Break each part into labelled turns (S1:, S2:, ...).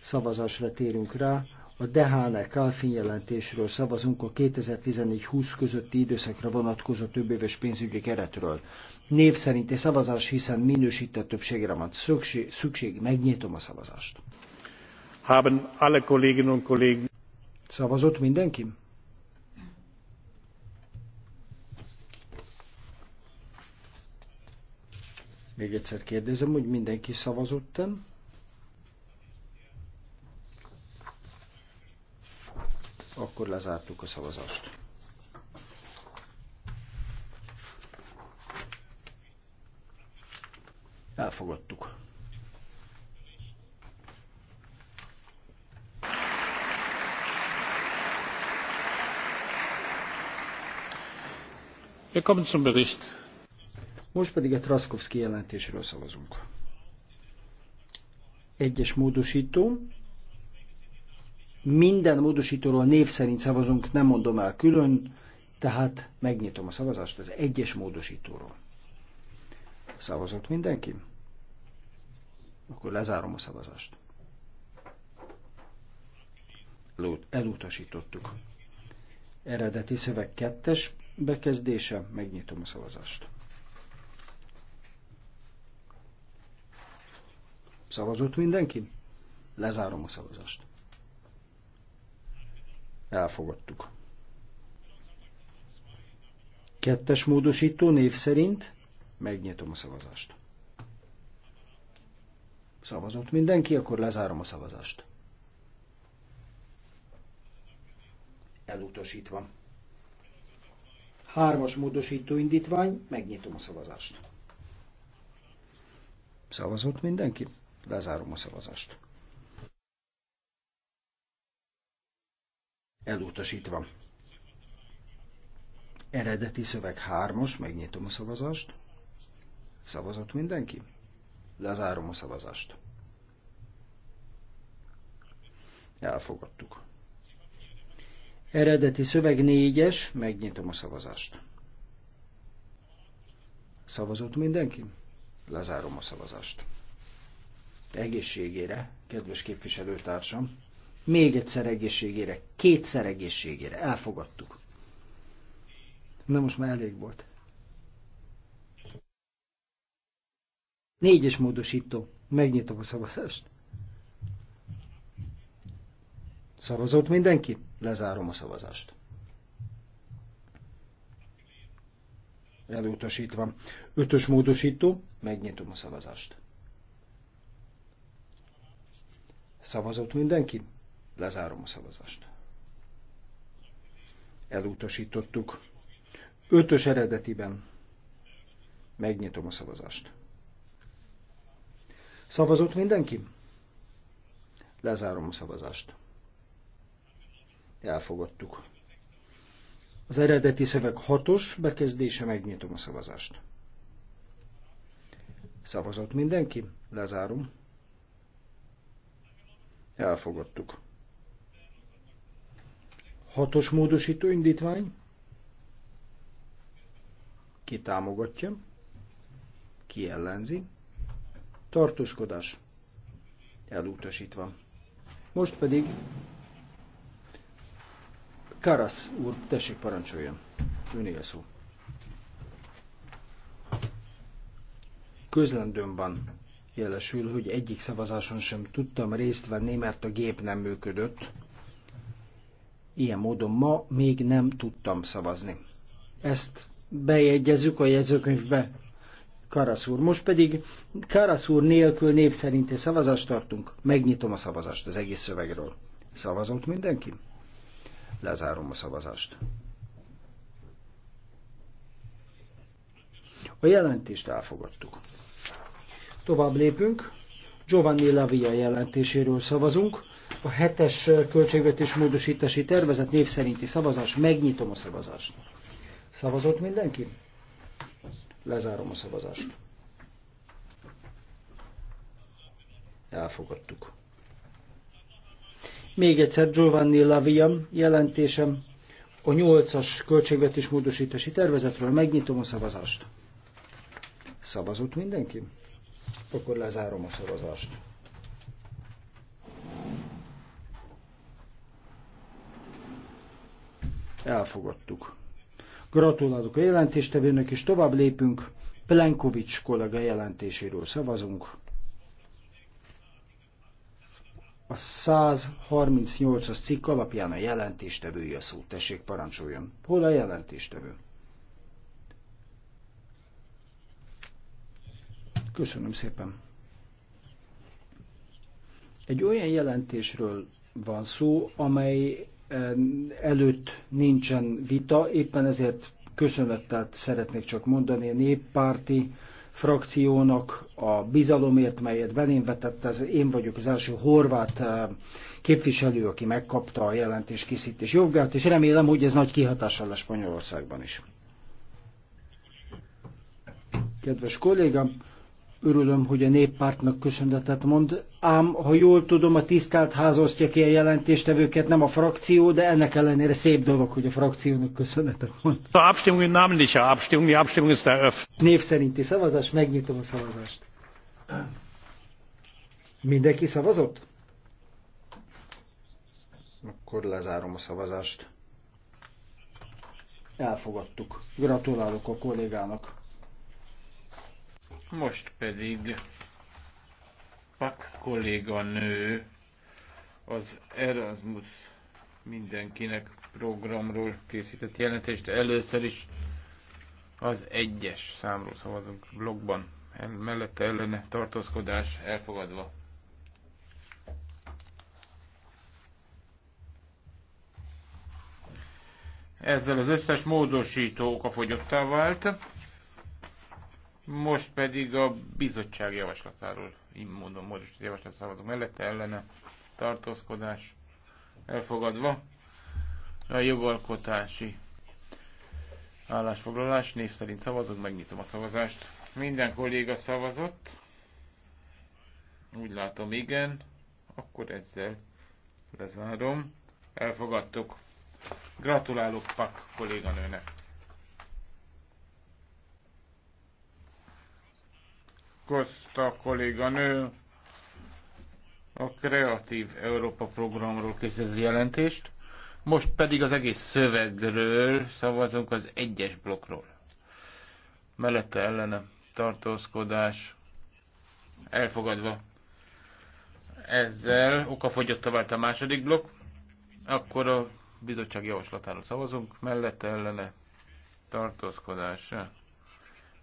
S1: szavazásra térünk rá. A Dehane Kalfin jelentésről szavazunk a 2014-20 közötti időszakra vonatkozó többéves pénzügyi keretről. Név szerinti szavazás, hiszen minősített többségre van szükség, szükség megnyitom a
S2: szavazást. Haben alle Kolleginnen und Kollegen.
S1: Szavazott mindenki? Még egyszer kérdezem, hogy mindenki szavazott-e? Akkor lezártuk a szavazást. Elfogadtuk.
S2: Wir zum Bericht.
S1: Most pedig a Traskowski jelentésről szavazunk. Egyes módosító, minden módosítóról név szerint szavazunk, nem mondom el külön, tehát megnyitom a szavazást az egyes módosítóról. Szavazott mindenki? Akkor lezárom a szavazást. Elutasítottuk. Eredeti szöveg kettes bekezdése, megnyitom a szavazást. Szavazott mindenki? Lezárom a szavazást. Elfogadtuk. Kettes módosító név szerint megnyitom a szavazást. Szavazott mindenki, akkor lezárom a szavazást. Elutasítva. Hármas módosító indítvány, megnyitom a szavazást. Szavazott mindenki? Lezárom a szavazást. elutasítva. Eredeti szöveg hármos, megnyitom a szavazást. Szavazott mindenki? Lezárom a szavazást. Elfogadtuk. Eredeti szöveg négyes megnyitom a szavazást. Szavazott mindenki? Lezárom a szavazást. Egészségére, kedves képviselőtársam! még egyszer egészségére, kétszer egészségére, elfogadtuk. Na most már elég volt. Négyes módosító. Megnyitom a szavazást. Szavazott mindenki? Lezárom a szavazást. Elutasítva. Ötös módosító. Megnyitom a szavazást. Szavazott mindenki? Lezárom a szavazást. Elutasítottuk. Ötös eredetiben. Megnyitom a szavazást. Szavazott mindenki? Lezárom a szavazást. Elfogadtuk. Az eredeti szöveg hatos bekezdése, megnyitom a szavazást. Szavazott mindenki? Lezárom. Elfogadtuk. Hatos módosító indítvány. Ki támogatja? Ki ellenzi? Tartózkodás. Elutasítva. Most pedig Karasz úr, tessék parancsoljon. Öné a szó. Közlendőm jelesül, hogy egyik szavazáson sem tudtam részt venni, mert a gép nem működött Ilyen módon ma még nem tudtam szavazni. Ezt bejegyezzük a jegyzőkönyvbe. Karasz úr. Most pedig Karasz úr nélkül név egy szavazást tartunk. Megnyitom a szavazást az egész szövegről. Szavazott mindenki? Lezárom a szavazást. A jelentést elfogadtuk. Tovább lépünk. Giovanni Lavia jelentéséről szavazunk. A hetes költségvetés módosítási tervezet név szerinti szavazás. Megnyitom a szavazást. Szavazott mindenki? Lezárom a szavazást. Elfogadtuk. Még egyszer Giovanni Laviam jelentésem a 8-as költségvetés módosítási tervezetről. Megnyitom a szavazást. Szavazott mindenki? Akkor lezárom a szavazást. Elfogadtuk. Gratulálok a jelentéstevőnek, és tovább lépünk. Plenkovics kollega jelentéséről szavazunk. A 138-as cikk alapján a jelentéstevői a szó. Tessék, parancsoljon. Hol a jelentéstevő? Köszönöm szépen. Egy olyan jelentésről van szó, amely előtt nincsen vita, éppen ezért köszönettel szeretnék csak mondani a néppárti frakciónak a bizalomért, melyet belém vetett, ez én vagyok az első horvát eh, képviselő, aki megkapta a jelentés készítés jogát, és remélem, hogy ez nagy kihatással lesz Spanyolországban is. Kedves kollégám, Örülöm, hogy a néppártnak köszönetet mond, ám ha jól tudom, a tisztelt ház osztja ki a jelentéstevőket, nem a frakció, de ennek ellenére szép dolog, hogy a frakciónak köszönetet mond. A Abstimmung in namentlicher Abstimmung, die Abstimmung ist eröffnet. Név szerinti szavazás, megnyitom a szavazást. Mindenki szavazott? Akkor lezárom a szavazást. Elfogadtuk. Gratulálok a kollégának.
S2: Most pedig Pak kolléganő az Erasmus mindenkinek programról készített jelentést. Először is az egyes számról szavazunk blogban. Mellette ellene tartózkodás elfogadva. Ezzel az összes módosító okafogyottá vált. Most pedig a bizottság javaslatáról, így mondom, módosított javaslat szavazunk mellette, ellene tartózkodás elfogadva. A jogalkotási állásfoglalás név szerint szavazunk, megnyitom a szavazást. Minden kolléga szavazott. Úgy látom, igen. Akkor ezzel lezárom. Elfogadtuk. Gratulálok Pak kolléganőnek. Koszta kolléganő a Kreatív Európa programról készített jelentést, most pedig az egész szövegről szavazunk az egyes blokkról. Mellette ellene tartózkodás elfogadva. Ezzel okafogyottá vált a második blokk, akkor a bizottság javaslatáról szavazunk, mellette ellene tartózkodás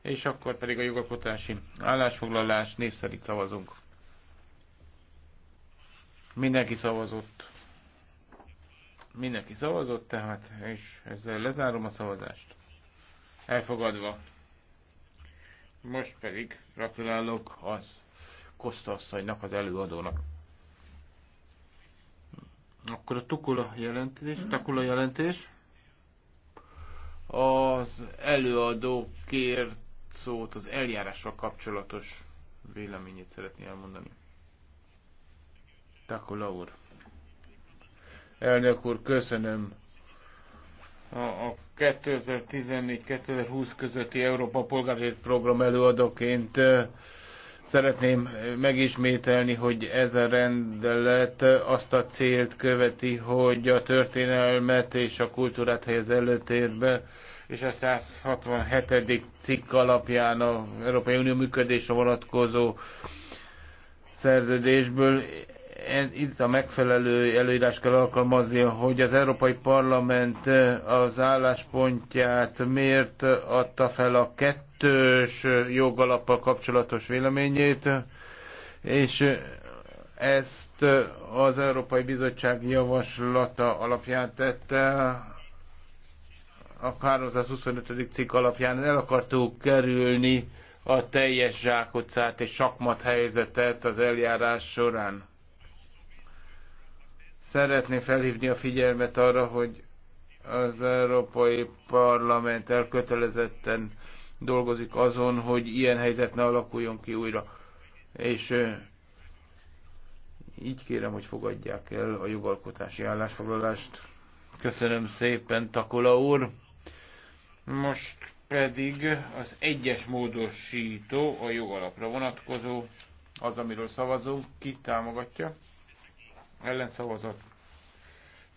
S2: és akkor pedig a jogalkotási állásfoglalás név szerint szavazunk. Mindenki szavazott. Mindenki szavazott, tehát, és ezzel lezárom a szavazást. Elfogadva. Most pedig gratulálok az Koszta asszonynak, az előadónak. Akkor a Tukula jelentés, Tukula jelentés. Az előadó kért szót az eljárással kapcsolatos véleményét szeretné elmondani. Takula úr. Elnök úr, köszönöm. A 2014-2020 közötti Európa Polgárért Program előadóként szeretném megismételni, hogy ez a rendelet azt a célt követi, hogy a történelmet és a kultúrát helyez előtérbe és a 167. cikk alapján a Európai Unió működésre vonatkozó szerződésből itt a megfelelő előírás kell alkalmazni, hogy az Európai Parlament eh, az álláspontját miért adta fel a kettős jogalappal kapcsolatos véleményét, és ezt az Európai Bizottság javaslata alapján tette a 325. cikk alapján el akartuk kerülni a teljes zsákutcát és sakmat helyzetet az eljárás során. Szeretném felhívni a figyelmet arra, hogy az Európai Parlament elkötelezetten dolgozik azon, hogy ilyen helyzet ne alakuljon ki újra. És így kérem, hogy fogadják el a jogalkotási állásfoglalást. Köszönöm szépen, Takula úr! Most pedig az egyes módosító, a jogalapra vonatkozó, az, amiről szavazunk, ki támogatja, ellenszavazat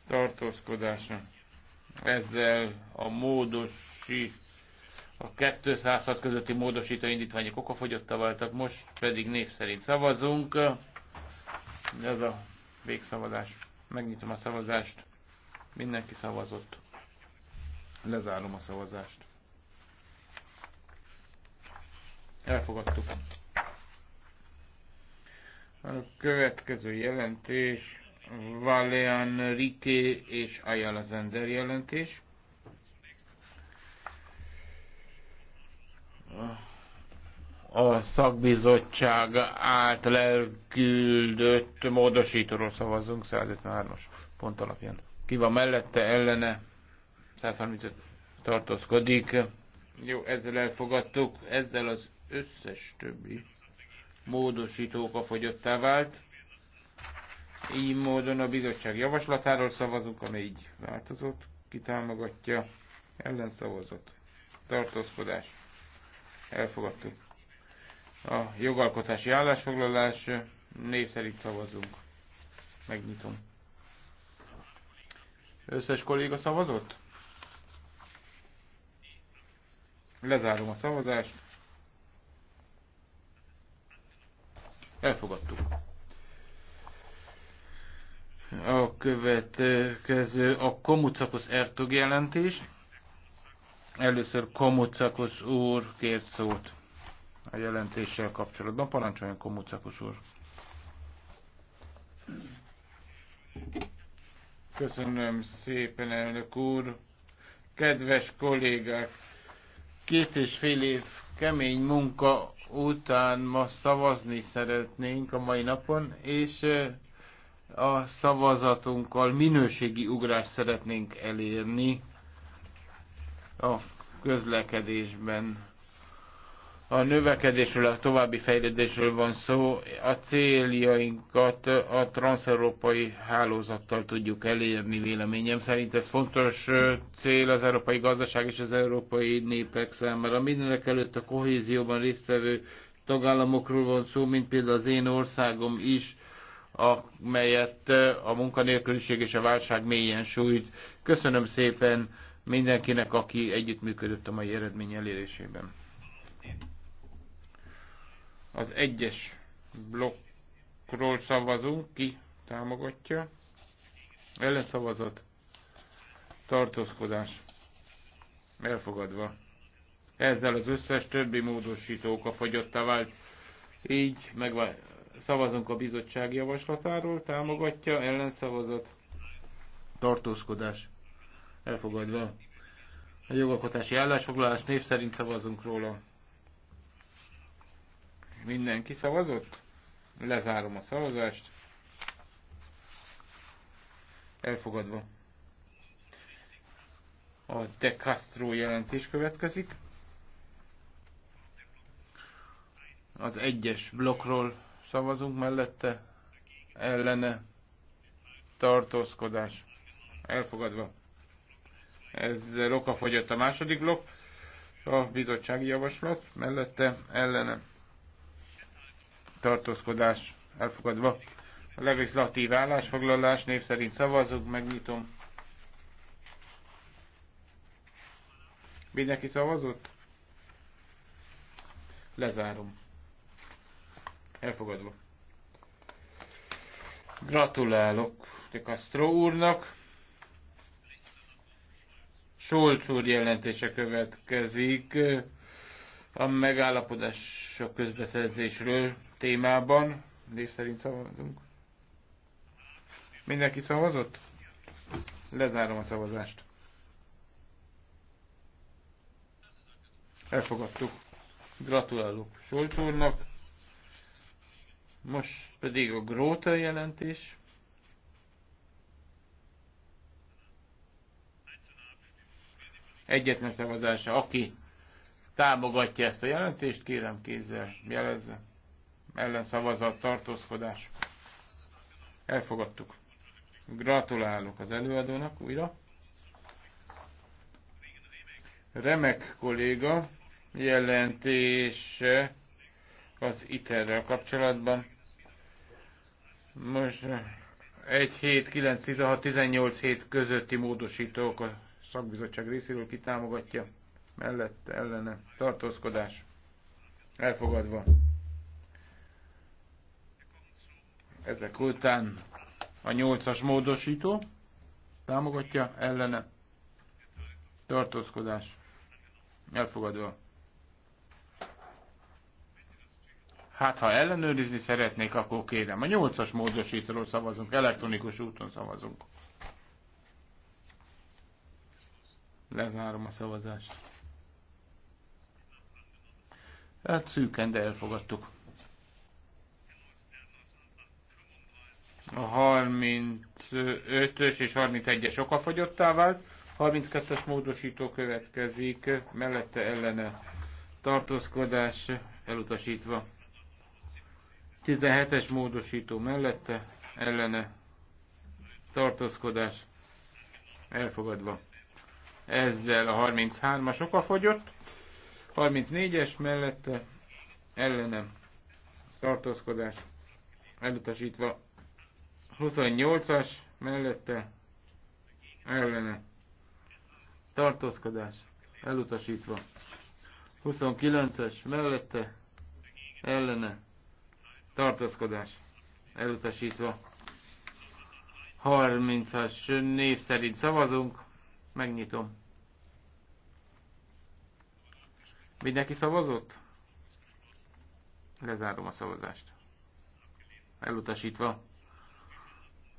S2: tartózkodása. Ezzel a módosi, a 206 közötti módosító indítványok okafogyotta váltak, most pedig név szerint szavazunk. Ez a végszavazás. Megnyitom a szavazást. Mindenki szavazott. Lezárom a szavazást. Elfogadtuk. A következő jelentés Valéan Riké és Ayala Zender jelentés. A szakbizottság által elküldött módosítóról szavazunk 153-as pont alapján. Ki van mellette, ellene? 135 tartózkodik. Jó, ezzel elfogadtuk, ezzel az összes többi módosítóka fogyottá vált. Így módon a bizottság javaslatáról szavazunk, ami így változott, kitámogatja, ellenszavazott, tartózkodás, elfogadtuk. A jogalkotási állásfoglalás név szerint szavazunk. Megnyitom. Összes kolléga szavazott? Lezárom a szavazást. Elfogadtuk. A következő a Komucakos Ertog jelentés. Először Komucakos úr kért szót a jelentéssel kapcsolatban. Parancsoljon Komucakos úr. Köszönöm szépen, elnök úr. Kedves kollégák, Két és fél év kemény munka után ma szavazni szeretnénk a mai napon, és a szavazatunkkal minőségi ugrást szeretnénk elérni a közlekedésben a növekedésről, a további fejlődésről van szó. A céljainkat a transzeurópai hálózattal tudjuk elérni, véleményem szerint. Ez fontos cél az európai gazdaság és az európai népek számára. Mindenek előtt a kohézióban résztvevő tagállamokról van szó, mint például az én országom is, amelyet a munkanélküliség és a válság mélyen sújt. Köszönöm szépen mindenkinek, aki együttműködött a mai eredmény elérésében. Az egyes blokkról szavazunk, ki támogatja. Ellenszavazat, tartózkodás, elfogadva. Ezzel az összes többi módosítók a fogyottá vált. Így megvá... szavazunk a bizottság javaslatáról, támogatja, ellenszavazat, tartózkodás, elfogadva. A jogalkotási állásfoglalás név szerint szavazunk róla. Mindenki szavazott? Lezárom a szavazást. Elfogadva. A De Castro jelentés következik. Az egyes blokkról szavazunk mellette. Ellene. Tartózkodás. Elfogadva. Ez rokafogyott a második blokk. A bizottsági javaslat mellette ellene tartózkodás elfogadva. A legislatív állásfoglalás név szerint szavazunk, megnyitom. Mindenki szavazott? Lezárom. Elfogadva. Gratulálok de Castro úrnak. Solcs úr jelentése következik a megállapodások közbeszerzésről témában. Név szerint szavazunk. Mindenki szavazott? Lezárom a szavazást. Elfogadtuk. Gratulálok Solt Most pedig a Gróta jelentés. Egyetlen szavazása, aki támogatja ezt a jelentést, kérem kézzel jelezze ellenszavazat, tartózkodás. Elfogadtuk. Gratulálok az előadónak újra. Remek kolléga jelentése az iter rel kapcsolatban. Most 1 7, 9, 16, 18 hét közötti módosítók a szakbizottság részéről kitámogatja mellette ellene tartózkodás elfogadva. Ezek után a nyolcas módosító támogatja ellene tartózkodás elfogadva. Hát, ha ellenőrizni szeretnék, akkor kérem. A nyolcas módosítóról szavazunk, elektronikus úton szavazunk. Lezárom a szavazást. Hát szűken, de elfogadtuk. A 35-ös és 31-es okafogyottá vált. 32-es módosító következik, mellette ellene tartózkodás elutasítva. 17-es módosító mellette ellene tartózkodás elfogadva. Ezzel a 33-as okafogyott, 34-es mellette ellene tartózkodás elutasítva, 28-as mellette ellene tartózkodás elutasítva. 29-es mellette ellene tartózkodás elutasítva. 30-as név szerint szavazunk. Megnyitom. Mindenki szavazott? Lezárom a szavazást. Elutasítva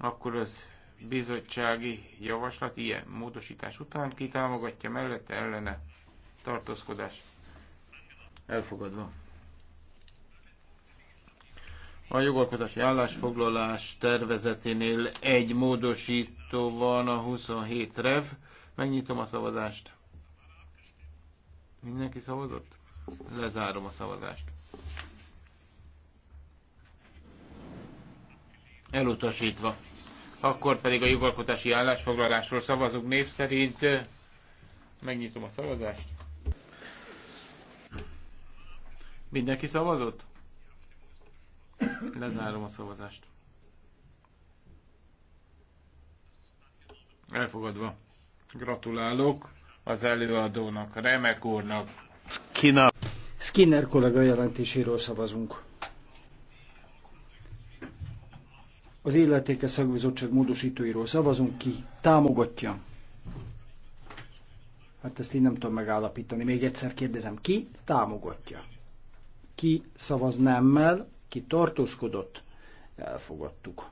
S2: akkor az bizottsági javaslat ilyen módosítás után kitámogatja mellette ellene tartózkodás elfogadva. A jogalkotási állásfoglalás tervezeténél egy módosító van a 27 rev. Megnyitom a szavazást. Mindenki szavazott? Lezárom a szavazást. Elutasítva. Akkor pedig a jogalkotási állásfoglalásról szavazunk név szerint. Eh, megnyitom a szavazást. Mindenki szavazott? Lezárom a szavazást. Elfogadva. Gratulálok az előadónak, remek úrnak.
S1: Skinner. Skinner kollega jelentéséről szavazunk. Az illetéke szakbizottság módosítóiról szavazunk ki. Támogatja. Hát ezt én nem tudom megállapítani. Még egyszer kérdezem, ki támogatja? Ki szavaz nemmel, ki tartózkodott? Elfogadtuk.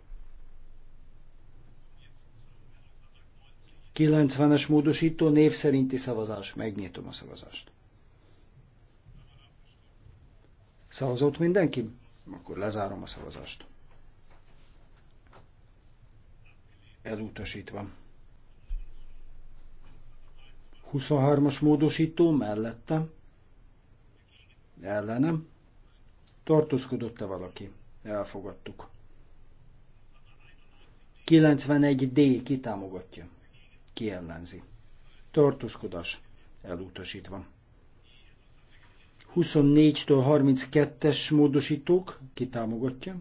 S1: 90-es módosító név szerinti szavazás. Megnyitom a szavazást. Szavazott mindenki? Akkor lezárom a szavazást. elutasítva. 23-as módosító mellette, ellenem, tartózkodott-e valaki? Elfogadtuk. 91D kitámogatja, kiellenzi. Tartózkodás elutasítva. 24-től 32-es módosítók kitámogatja,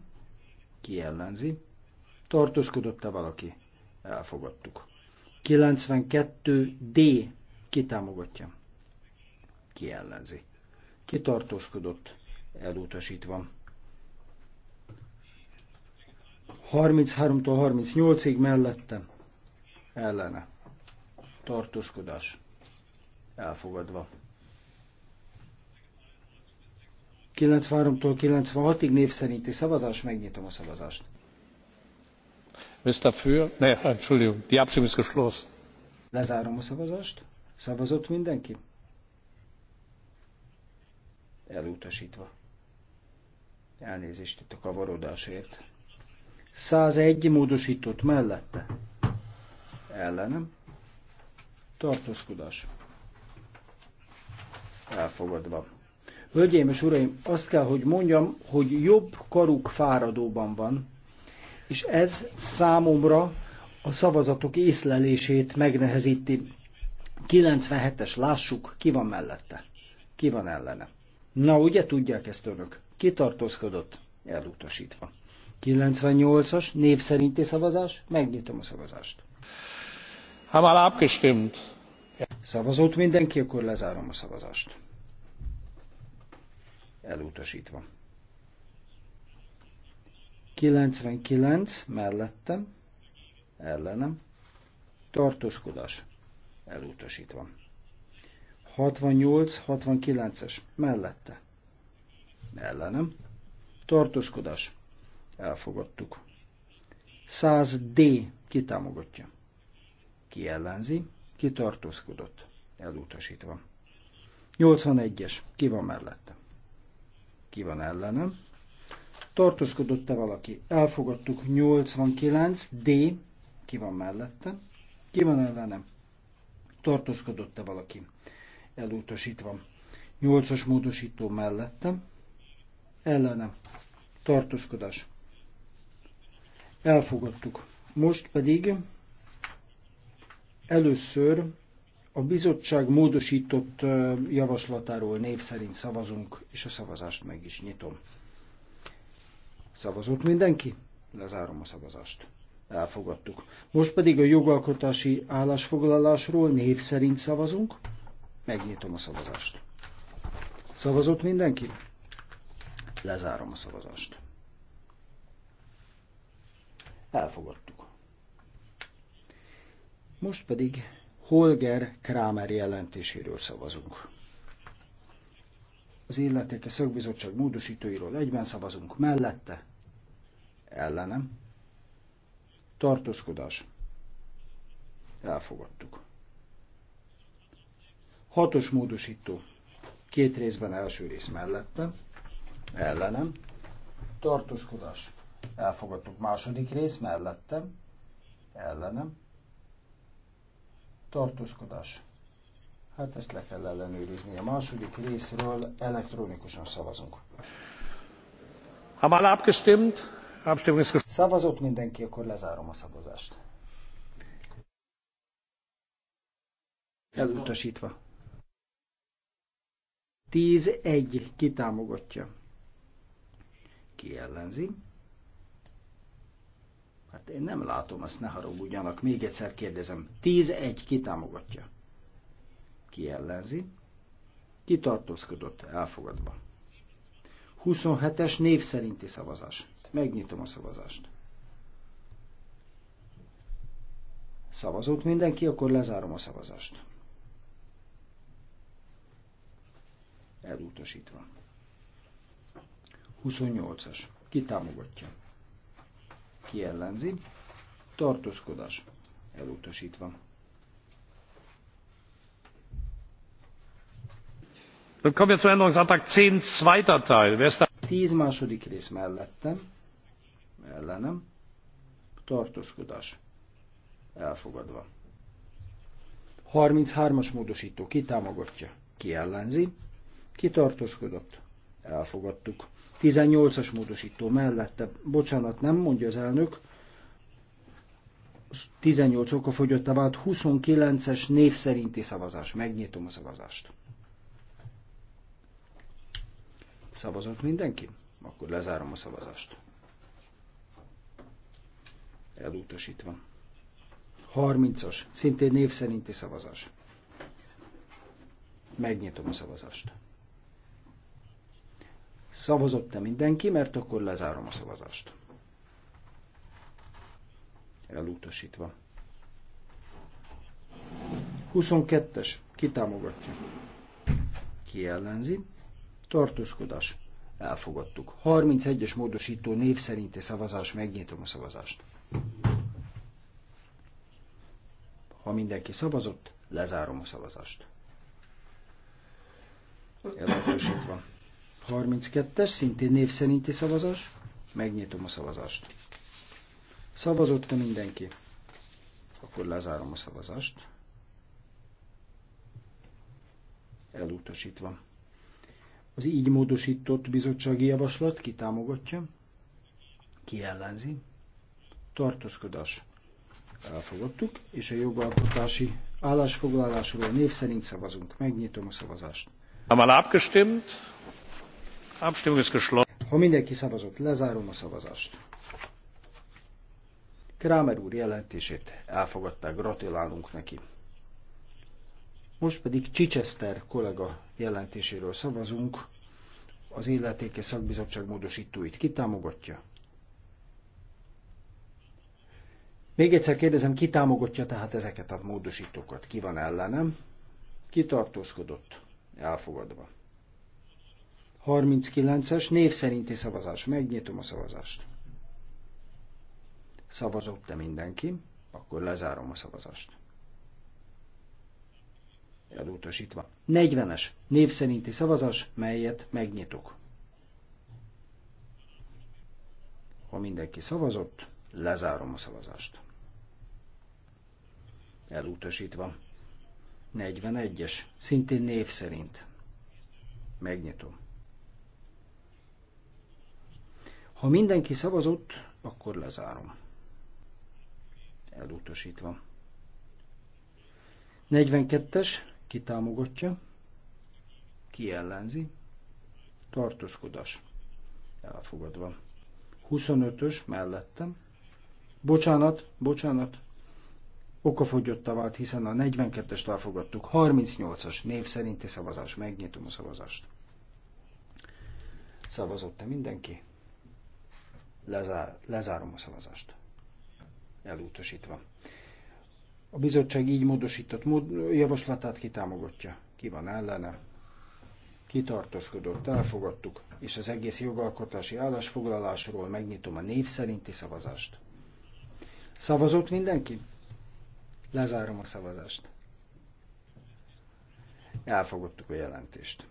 S1: kiellenzi. Tartózkodott-e valaki? Elfogadtuk. 92D kitámogatja. Ki ellenzi. Kitartózkodott. Elutasítva. 33-tól 38-ig mellettem. Ellene. Tartózkodás. Elfogadva. 93-tól 96-ig név szerinti szavazás, megnyitom a szavazást. Lezárom a szavazást. Szavazott mindenki? Elutasítva. Elnézést itt a kavarodásért. 101 módosított mellette. Ellenem. Tartózkodás. Elfogadva. Hölgyeim és uraim, azt kell, hogy mondjam, hogy jobb karuk fáradóban van, és ez számomra a szavazatok észlelését megnehezíti. 97-es, lássuk, ki van mellette, ki van ellene. Na, ugye tudják ezt önök? Kitartózkodott, elutasítva. 98-as, név szerinti szavazás, megnyitom a szavazást.
S2: Ha már abgestimmt.
S1: Szavazott mindenki, akkor lezárom a szavazást. Elutasítva. 99 mellettem, ellenem, tartózkodás elutasítva. 68-69-es mellette, ellenem, tartózkodás elfogadtuk. 100D kitámogatja. Ki ellenzi, ki tartózkodott, elutasítva. 81-es, ki van mellette? Ki van ellenem, Tartózkodott-e valaki? Elfogadtuk 89 D. Ki van mellette? Ki van ellenem? Tartózkodott-e valaki? Elutasítva. 8-as módosító mellettem. Ellenem. Tartózkodás. Elfogadtuk. Most pedig először a bizottság módosított javaslatáról név szerint szavazunk, és a szavazást meg is nyitom. Szavazott mindenki? Lezárom a szavazást. Elfogadtuk. Most pedig a jogalkotási állásfoglalásról név szerint szavazunk. Megnyitom a szavazást. Szavazott mindenki? Lezárom a szavazást. Elfogadtuk. Most pedig Holger Kramer jelentéséről szavazunk az illetéke szakbizottság módosítóiról egyben szavazunk mellette, ellenem, tartózkodás, elfogadtuk. Hatos módosító, két részben első rész mellette, ellenem, tartózkodás, elfogadtuk. Második rész mellette. ellenem, tartózkodás, Hát ezt le kell ellenőrizni. A második részről elektronikusan szavazunk. Ha már abgestimmt, Szavazott mindenki, akkor lezárom a szavazást. Elutasítva. 10-1 kitámogatja. Ki ellenzi? Hát én nem látom, azt ne haragudjanak. Még egyszer kérdezem. 10-1 kitámogatja aki ellenzi, kitartózkodott, elfogadva. 27-es név szerinti szavazás. Megnyitom a szavazást. Szavazott mindenki, akkor lezárom a szavazást. Elutasítva. 28-as. Ki támogatja? Ki ellenzi? Tartózkodás. Elutasítva. Dann kommen wir zu Änderungsantrag 10, zweiter Teil. Wer ist da? 10 második rész mellettem, ellenem, tartózkodás, elfogadva. 33-as módosító kitámogatja, ki ellenzi, ki tartózkodott, elfogadtuk. 18-as módosító mellette, bocsánat, nem mondja az elnök, 18 oka fogyott a vált, 29-es név szerinti szavazás. Megnyitom a szavazást. Szavazott mindenki? Akkor lezárom a szavazást. Elutasítva. 30-as, szintén név szerinti szavazás. Megnyitom a szavazást. Szavazott-e mindenki, mert akkor lezárom a szavazást. Elutasítva. 22-es, kitámogatja. Ki ellenzi? tartózkodás, elfogadtuk. 31-es módosító név szerinti szavazás, megnyitom a szavazást. Ha mindenki szavazott, lezárom a szavazást. Elutasítva. 32-es, szintén név szerinti szavazás, megnyitom a szavazást. Szavazott-e mindenki? Akkor lezárom a szavazást. Elutasítva. Az így módosított bizottsági javaslat ki támogatja, ki ellenzi. Tartózkodás. Elfogadtuk, és a jogalkotási állásfoglalásról név szerint szavazunk. Megnyitom a szavazást. Ha mindenki szavazott, lezárom a szavazást. Krámer úr jelentését elfogadták, gratulálunk neki. Most pedig Chichester kollega jelentéséről szavazunk. Az Illetéke Szakbizottság módosítóit kitámogatja. Még egyszer kérdezem, ki támogatja tehát ezeket a módosítókat? Ki van ellenem? Ki tartózkodott? Elfogadva. 39-es név szerinti szavazás. Megnyitom a szavazást. Szavazott-e mindenki? Akkor lezárom a szavazást elutasítva. 40-es név szerinti szavazás, melyet megnyitok. Ha mindenki szavazott, lezárom a szavazást. Elutasítva. 41-es, szintén név szerint. Megnyitom. Ha mindenki szavazott, akkor lezárom. Elutasítva. 42-es, ki támogatja? Ki ellenzi? Tartózkodás. Elfogadva. 25-ös mellettem. Bocsánat, bocsánat. Okafogyottá vált, hiszen a 42-est elfogadtuk. 38-as név szerinti szavazás. Megnyitom a szavazást. Szavazott-e mindenki? Lezár, lezárom a szavazást. Elutasítva. A bizottság így módosított mód, javaslatát kitámogatja. Ki van ellene? Kitartoskodott, elfogadtuk, és az egész jogalkotási állásfoglalásról megnyitom a név szerinti szavazást. Szavazott mindenki? Lezárom a szavazást. Elfogadtuk a jelentést.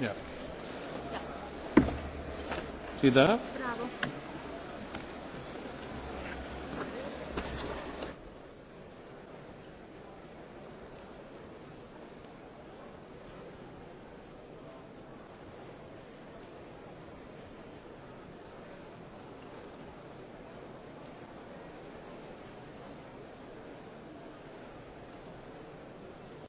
S2: Yeah. See that? Bravo.